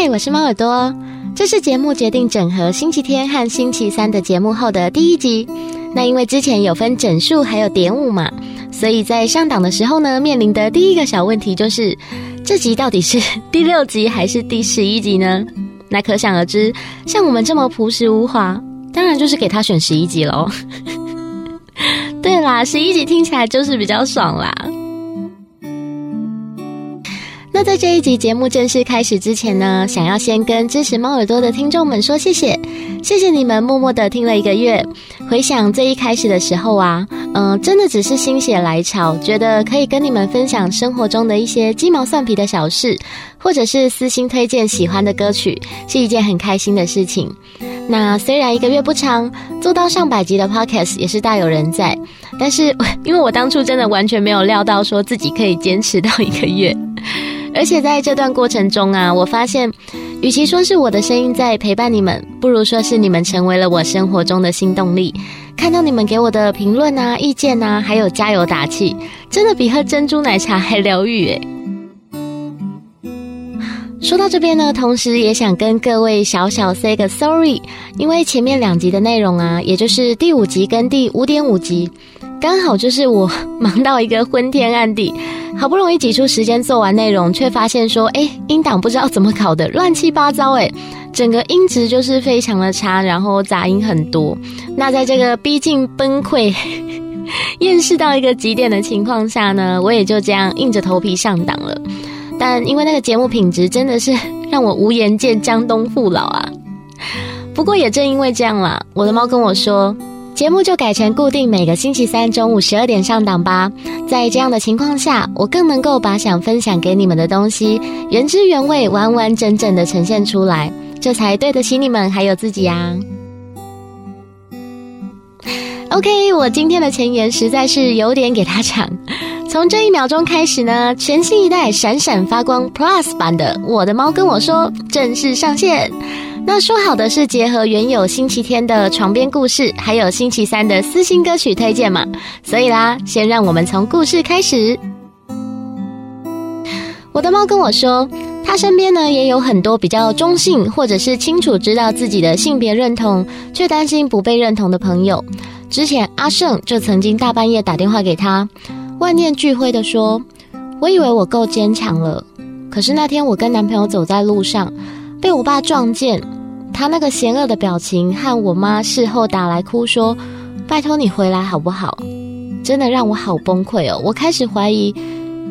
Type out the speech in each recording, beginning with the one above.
嗨，Hi, 我是貓耳朵。這是節目決定整合星期天和星期三的節目後的第一集。那因為之前有分整數還有點五嘛，所以在上檔的時候呢，面臨的第一個小問題就是，這集到底是第六集還是第十一集呢？那可想而知，像我們這麼樸實無華，當然就是給他選十一集嘍。 對啦，十一集聽起來就是比較爽啦。那在這一集節目正式開始之前呢，想要先跟支持貓耳朵的聽眾們說謝謝，謝謝你們默默的聽了一個月。回想最一開始的時候啊，嗯，真的只是心血來潮，覺得可以跟你們分享生活中的一些雞毛蒜皮的小事，或者是私心推薦喜歡的歌曲，是一件很開心的事情。那雖然一個月不長，做到上百集的 Podcast 也是大有人在，但是因為我當初真的完全沒有料到說自己可以堅持到一個月。而且在這段過程中啊，我發現，與其說是我的聲音在陪伴你們，不如說是你們成為了我生活中的新動力。看到你們給我的評論啊、意見啊，還有加油打氣，真的比喝珍珠奶茶還療癒誒。說到這邊呢，同時也想跟各位小小 say 個 sorry，因為前面兩集的內容啊，也就是第五集跟第五點五集。剛好就是我忙到一個昏天暗地，好不容易擠出時間做完內容，卻發現說，哎，音檔不知道怎麼搞的，亂七八糟，哎，整個音質就是非常的差，然後雜音很多。那在這個逼近崩潰、 厭世到一個極點的情況下呢，我也就這樣硬着頭皮上檔了。但因為那個節目品質真的是讓我無顏見江東父老啊。不過也正因為這樣啦，我的貓跟我說。節目就改成固定每個星期三中午十二點上檔吧。在這樣的情況下，我更能夠把想分享給你們的東西原汁原味、完完整整的呈現出來，這才對得起你們還有自己呀，啊。OK，我今天的前言實在是有點給他長。從這一秒鐘開始呢，全新一代閃閃發光 Plus 版的《我的貓跟我說》正式上線。那說好的是結合原有星期天的床邊故事，還有星期三的私心歌曲推薦嘛？所以啦，先讓我們從故事開始。我的貓跟我說，他身邊呢也有很多比較中性，或者是清楚知道自己的性別認同，卻擔心不被認同的朋友。之前阿勝就曾經大半夜打電話給他，萬念俱灰地說：“我以為我夠堅強了，可是那天我跟男朋友走在路上，被我爸撞見。”他那個嫌惡的表情，和我媽事後打來哭說：“拜託你回來好不好？”真的讓我好崩潰哦！我開始懷疑，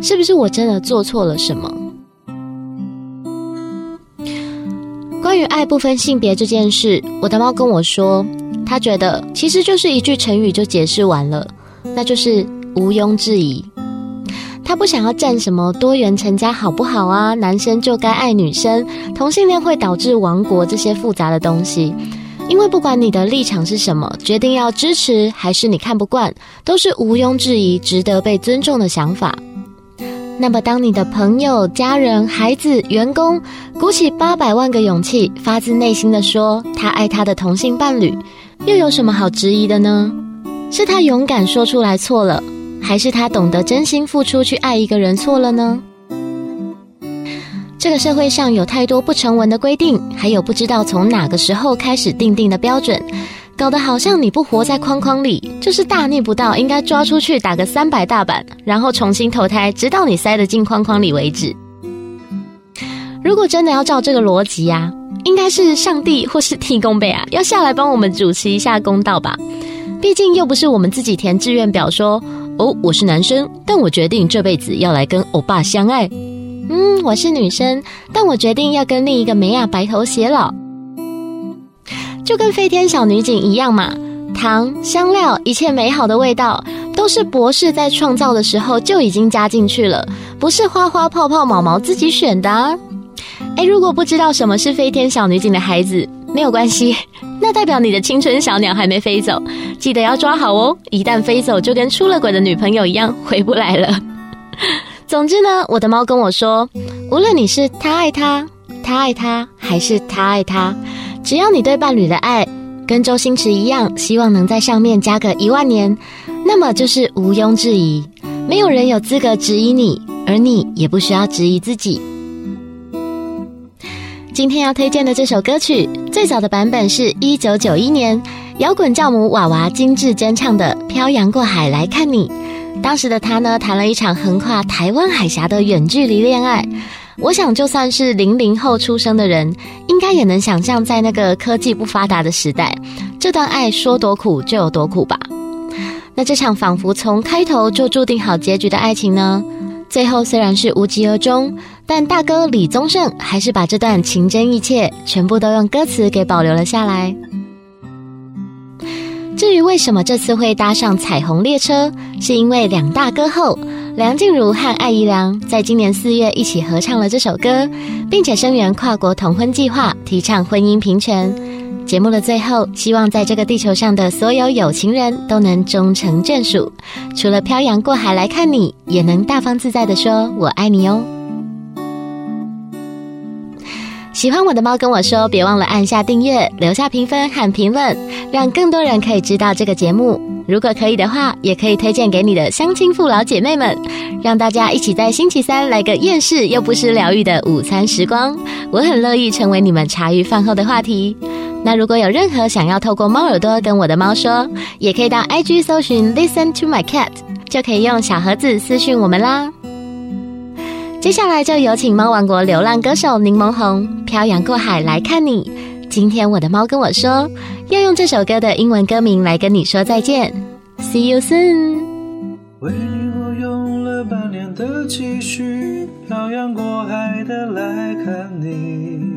是不是我真的做錯了什麼？關於愛不分性別這件事，我的貓跟我說，他覺得其實就是一句成語就解釋完了，那就是毋庸置疑。他不想要佔什麼多元成家好不好啊？男生就該愛女生、同性戀會導致亡國這些複雜的東西。因為不管你的立場是什麼，決定要支持還是你看不慣，都是毋庸置疑、值得被尊重的想法。那麼，當你的朋友、家人、孩子、員工鼓起八百萬個勇氣，發自內心的說他愛他的同性伴侶，又有什麼好質疑的呢？是他勇敢說出來錯了，還是他懂得真心付出去愛一個人錯了呢？這個社會上有太多不成文的規定，還有不知道從哪個時候開始定定的標準，搞得好像你不活在框框裡就是大逆不道，應該抓出去打個三百大板，然後重新投胎，直到你塞得進框框裡為止。嗯，如果真的要照這個邏輯呀，啊，應該是上帝或是土地公伯啊，要下來幫我們主持一下公道吧。畢竟又不是我們自己填志願表說哦，我是男生，但我決定這輩子要來跟歐巴相愛。嗯，我是女生，但我決定要跟另一個梅亞白頭偕老。就跟飛天小女警一樣嘛，糖、香料，一切美好的味道，都是博士在創造的時候就已經加進去了，不是花花、泡泡、毛毛自己選的啊。誒，如果不知道什麼是飛天小女警的孩子，沒有關係。那代表你的青春小鳥還沒飛走，記得要抓好哦！一旦飛走，就跟出了軌的女朋友一樣回不來了。 總之呢，我的貓跟我說，無論你是他愛他、他愛他，還是他愛他，只要你對伴侶的愛跟周星馳一樣，希望能在上面加個一萬年，那麼就是毋庸置疑，沒有人有資格質疑你，而你也不需要質疑自己。今天要推薦的這首歌曲，最早的版本是一九九一年搖滾教母娃娃金智娟唱的《漂洋過海來看你》。當時的她呢，談了一場橫跨台灣海峽的遠距離戀愛。我想，就算是零零後出生的人，應該也能想象，在那個科技不發達的時代，這段愛說多苦就有多苦吧。那這場仿佛從開頭就注定好結局的愛情呢？最後雖然是無疾而終，但大哥李宗盛還是把這段情真意切全部都用歌詞給保留了下來。至於為什麼這次會搭上彩虹列車，是因為兩大歌后梁靜茹和艾怡良在今年四月一起合唱了這首歌，並且聲援跨國同婚計劃，提倡婚姻平權。節目的最後，希望在這個地球上的所有有情人都能終成眷屬。除了漂洋過海來看你，也能大方自在地說“我愛你”哦。喜歡我的貓跟我說，別忘了按下訂閱，留下評分和評論，讓更多人可以知道這個節目。如果可以的話，也可以推薦給你的鄉親父老姐妹們，讓大家一起在星期三來個厭世又不失療癒的午餐時光。我很樂意成為你們茶餘飯後的話題。那如果有任何想要透過貓耳朵跟我的貓說，也可以到 IG 搜尋 Listen to My Cat，就可以用小盒子私訊我們啦。接下來就有請貓王國流浪歌手檸檬紅漂洋過海來看你。今天我的貓跟我說，要用這首歌的英文歌名來跟你說再見，See you soon。為你我用了半年的積蓄，漂洋過海的來看你。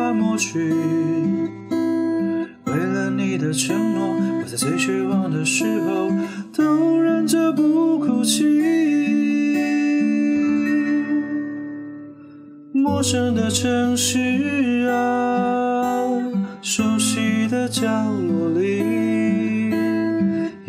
把抹去。為了你的承諾，我在最絕望的時候都忍着不哭泣。陌生的城市啊，熟悉的角落裡。